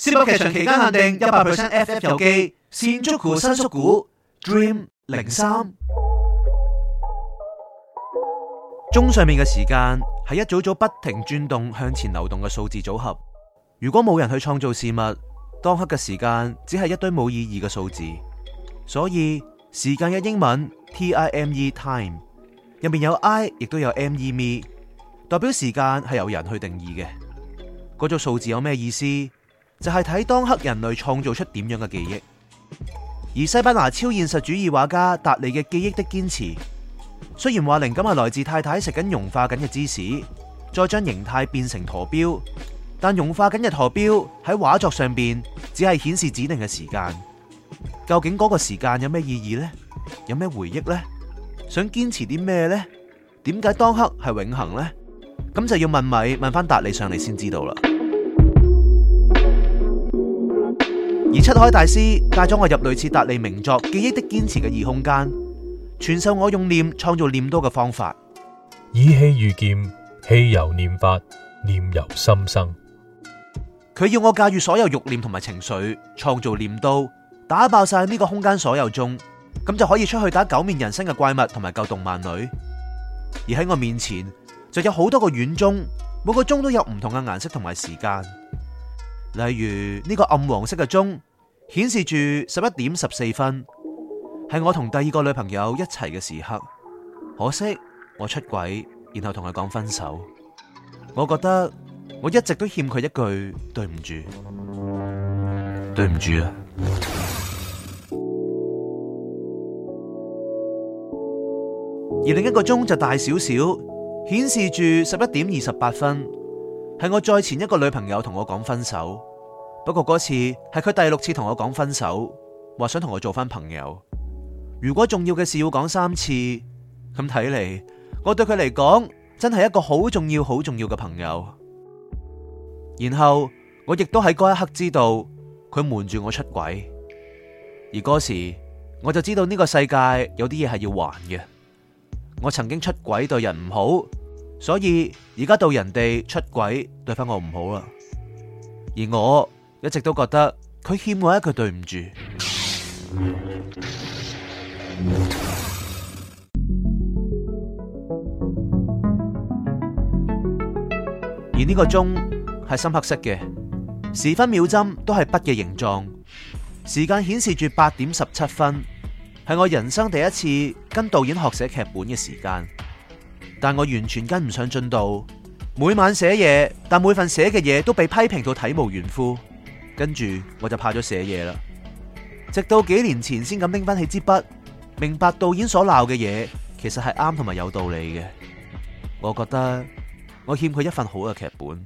Zip 噏劇場，期間限定一百 percent FF 遊記，Shinjuku 新宿故 Dream 零三。鐘上面嘅時間係一組組不停轉動向前流動嘅數字組合。如果冇人去創造事物，當刻嘅時間只係一堆冇意義嘅數字。所以時間嘅英文 T I M E time 入面有 I，亦都有 M E Me，代表時間係由人去定義嘅。嗰組數字有咩意思？就係睇當刻人類創造出點樣嘅記憶，而西班牙超現實主義畫家達利嘅記憶的堅持，雖然話靈感係來自太太食緊融化緊嘅芝士，再將形態變成陀錶，但融化緊嘅陀錶喺畫作上邊只係顯示指定嘅時間。究竟嗰個時間有咩意義呢？有咩回憶呢？想堅持啲咩呢？點解當刻係永恆呢？咁就要問米問翻達利上嚟先知道啦。而七海大師帶咗我入類似達利名作《記憶的堅持》嘅異空間，傳授我用念創造念刀嘅方法。以氣御劍，氣由念發，念由心生。佢要我駕馭所有欲念同埋情緒，創造念刀，打爆晒呢個空間所有鐘，咁就可以出去打狗面人身嘅怪物同埋救動漫女。而喺我面前，就有好多個軟鐘，每個鐘都有唔同嘅顏色同埋時間。例如呢個暗黃色嘅鐘。顯示住十一點十四分，係我同第二個女朋友一齊嘅時刻。可惜我出軌，然後同佢講分手。我覺得我一直都欠佢一句對唔住，對唔住呀！而另一個鐘就大少少，顯示住十一點二十八分，係我再前一個女朋友同我講分手。不過嗰次係佢第六次同我講分手，話想同我做返朋友。如果重要嘅事要講三次，咁睇嚟，我對佢嚟講真係一個好重要、好重要嘅朋友。然後我亦都喺嗰一刻知道佢瞞住我出軌，而嗰時我就知道呢個世界有啲嘢係要還嘅。我曾經出軌對人唔好，所以而家到人哋出軌對返我唔好啦，而我，一直都覺得佢欠我一句對唔住。而呢個鐘係深黑色嘅，時分秒針都係筆嘅形狀。時間顯示住八點十七分，係我人生第一次跟導演學寫劇本嘅時間。但我完全跟唔上進度，每晚寫嘢，但每份寫嘅嘢都被批評到體無完膚。跟住我就怕咗寫嘢啦，直到幾年前先敢拎返起支筆，明白導演所鬧嘅嘢其實係啱同埋有道理嘅。我覺得我欠佢一份好嘅劇本。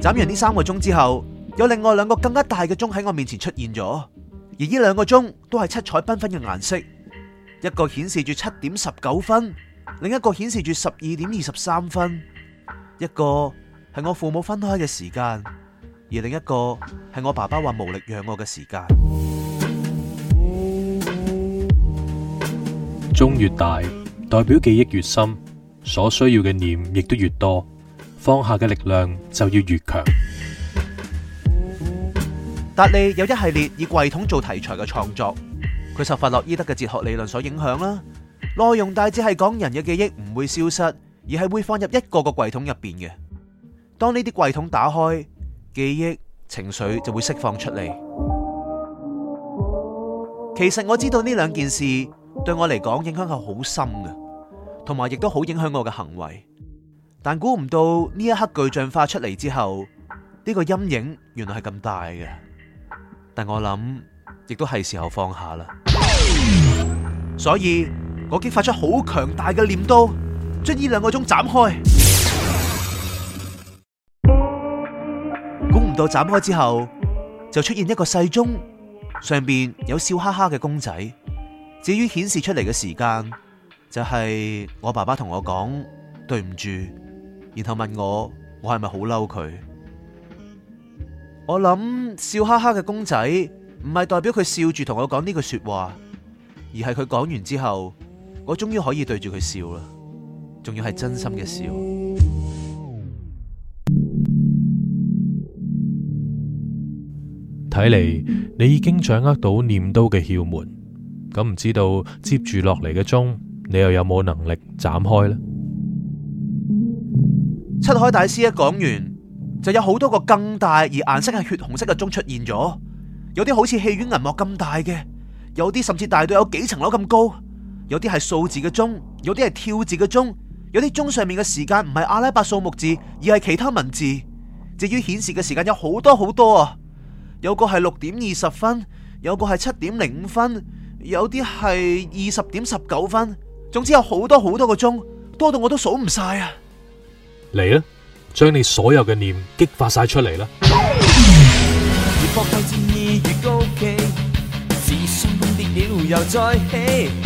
斬完呢三個鐘之後，有另外兩個更加大嘅鐘喺我面前出現咗，而呢兩個鐘都係七彩繽紛嘅顏色，一個顯示住七點十九分。另一個顯示住十二點二十三分，一個係我父母分開嘅時間，而另一個係我爸爸話無力養我嘅時間。鐘越大，代表記憶越深，所需要嘅念亦都越多，放下嘅力量就要越，越強。達利有一系列以櫃桶做題材嘅創作，佢受佛洛伊德嘅哲學理論所影響啦。內容大致係講人嘅記憶唔會消失，而係會放入一個個櫃桶入邊嘅。當呢啲櫃桶打開，記憶、情緒就會釋放出嚟。其實我知道呢兩件事對我嚟講影響係好深嘅，同埋亦都好影響我嘅行為。但估唔到呢一刻具象化出嚟之後，呢個陰影原來係咁大嘅。但我諗亦都係時候放下啦。所以，我激發出好強大嘅念刀，將呢兩個鐘斬開。估唔到斬開之後，就出現一個細鐘，上邊有笑哈哈嘅公仔。至於顯示出嚟嘅時間，就係我爸爸同我講對唔住，然後問我我係咪好嬲佢。我諗笑哈哈嘅公仔唔係代表佢笑住同我講呢句說話，而係佢講完之後。我終於可以對住佢笑啦，仲要係真心嘅笑。睇嚟你已經掌握到念刀嘅竅門，咁唔知道接住落嚟嘅鐘，你又有冇能力斬開呢？七海大師一講完，就有好多個更大而顏色係血紅色嘅鐘出現咗，有啲好似戲院銀幕咁大嘅，有啲甚至大到有幾層樓咁高。有啲係數字嘅鐘，有啲係跳字嘅鐘，有啲鐘上面嘅時間唔係阿拉伯數目字，而係其他文字。至於顯示嘅時間有好多好多啊！有個係六點二十分，有個係七點零五分，有啲係二十點十九分，總之有好多好多個鐘，多到我都數唔晒啊！嚟啦，將你所有嘅念激發晒出嚟啦！越搏鬥，戰意越高企，自信心跌了又再起。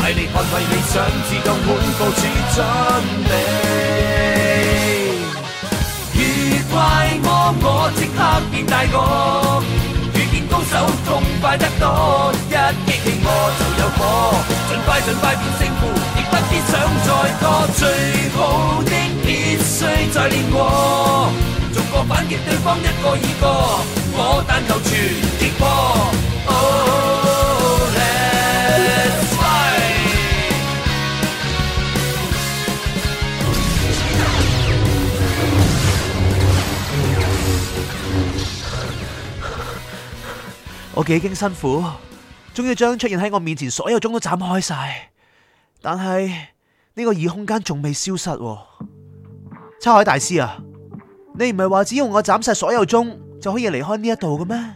大力捍衛理想，自動宣布此準備。遇怪魔，我即刻變大個。遇見高手，痛快得多。一激氣我就有火，盡快盡快變勝負，亦不必想再多。最好的必須再練過，逐個反擊對方一個二個，我但求全擊破。Oh. 幾經辛苦，終於將出現喺我面前所有鐘都斬開晒，但係呢個異空間仲未消失。七海大師啊，你唔係話只要我斬晒所有鐘就可以離開呢一度嘅咩？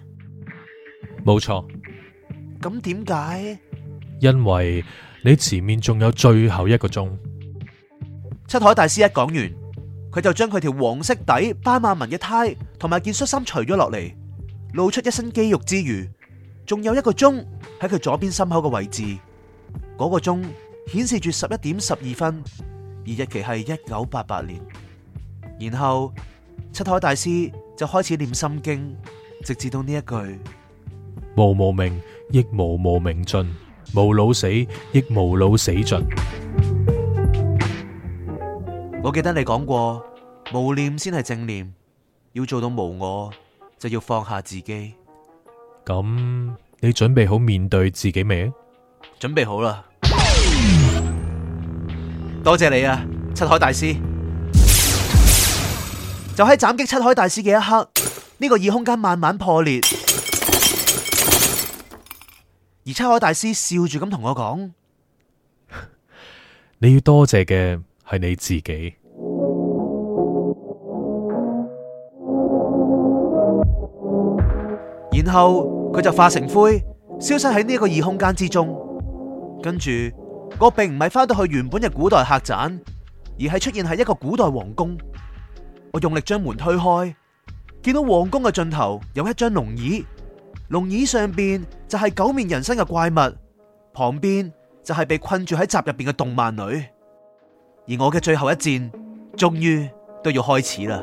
冇錯。咁點解？因為你前面仲有最後一個鐘。七海大師一講完，佢就將佢條黃色底斑馬紋嘅呔同埋件恤衫除咗落嚟，露出一身肌肉之餘。仲有一個鐘喺佢左邊心口嘅位置，嗰、那個鐘顯示住十一點十二分，而日期係一九八八年。然後七海大師就開始念心經，直至到呢一句：無無明，亦無無明盡，無老死，亦無老死盡。我記得你講過，無念先係正念，要做到無我，就要放下自己。咁你準備好面對自己未？準備好啦，多謝你啊，七海大師。就喺斬擊七海大師嘅一刻，呢個異空間慢慢破裂，而七海大師笑住咁同我講：你要多謝嘅係你自己。然後佢就化成灰，消失喺呢個異空間之中。跟住我並唔係翻到去原本嘅古代客棧，而係出現喺一個古代皇宮。我用力將門推開，見到皇宮嘅盡頭有一張龍椅，龍椅上邊就係狗面人身嘅怪物，旁邊就係被困住喺閘入邊嘅動漫女。而我嘅最後一戰，終於都要開始啦！